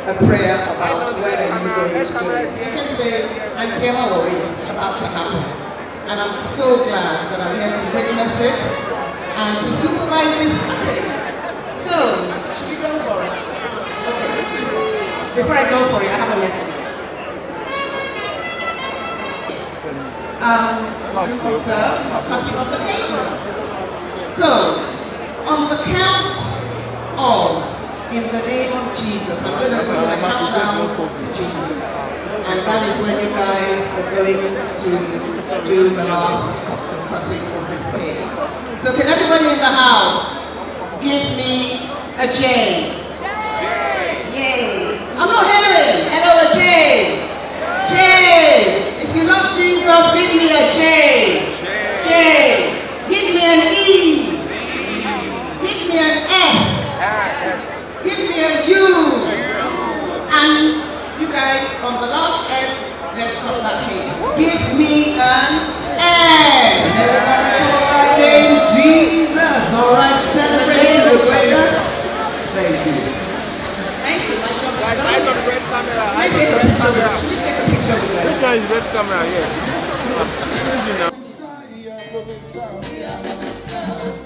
a prayer about where are you going to go. You can say, i Emma Worry, it's about to happen. And I'm so glad that I'm here to witness it and to supervise this So, should we go for it? Okay. Before I go for it, I have a message. Um, of the So, on the count of in the name of Jesus. I'm going to, i down to Jesus. And that is when you guys are going to do the last cutting of the cake. So can everybody in the house give me a J? I take a picture take picture is red camera, yeah. Ah.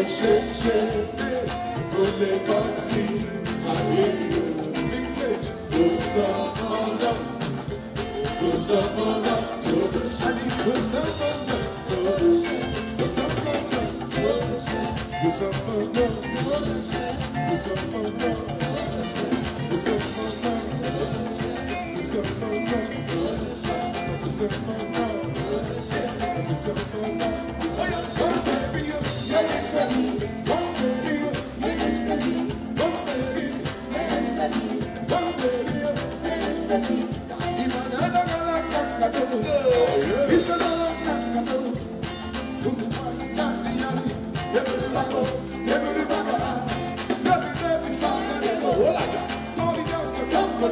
ẹ̀ṣẹ̀ṣẹ̀ kò lè bọ́ sí ayé vintage kò sọ ọ̀nà kò sọ ọ̀nà tó àti kò sọ ọ̀nà tó kò sọ ọ̀nà tó kò sọ ọ̀nà kò sọ ọ̀nà kò sọ ọ̀nà kò sọ ọ̀nà kò sọ ọ̀nà.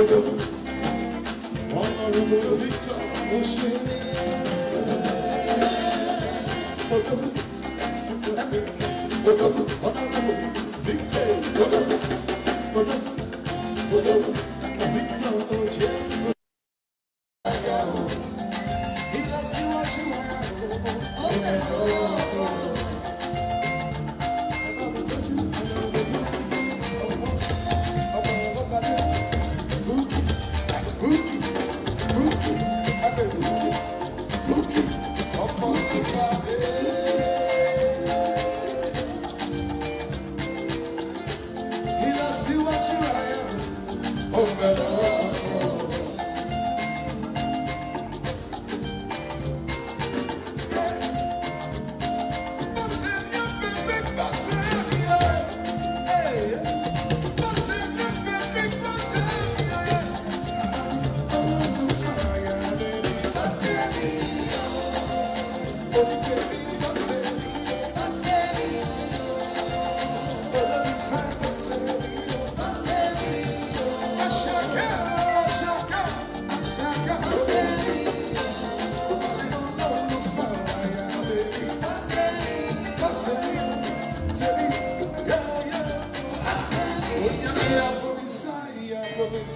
Honorable Victor Moshe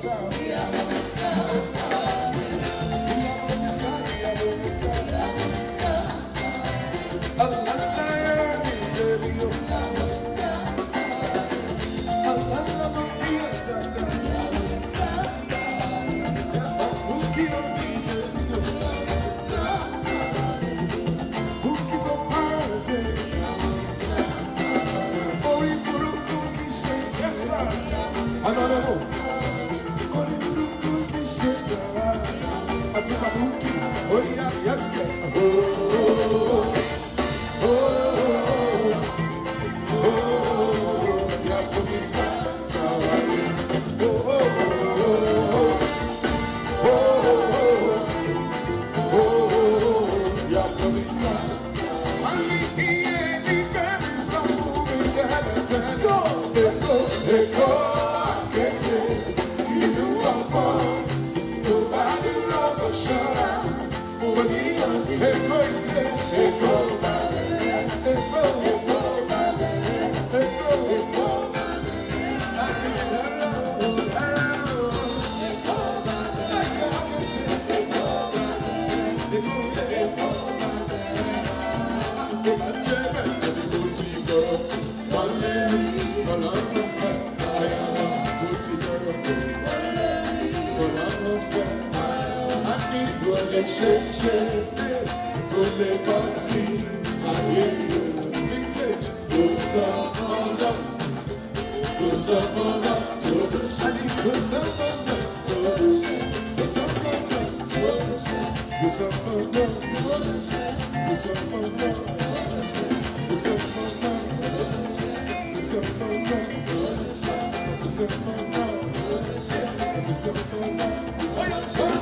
sound. Yes, yes, yes, yes, vintage şerefli Böyle taksi hayırlı vintage Bu zamana Bu zamana çalış Hani bu zamana çalış Bu zamana çalış Bu zamana çalış Bu zamana çalış Bu zamana çalış Bu zamana çalış Bu zamana çalış Bu zamana çalış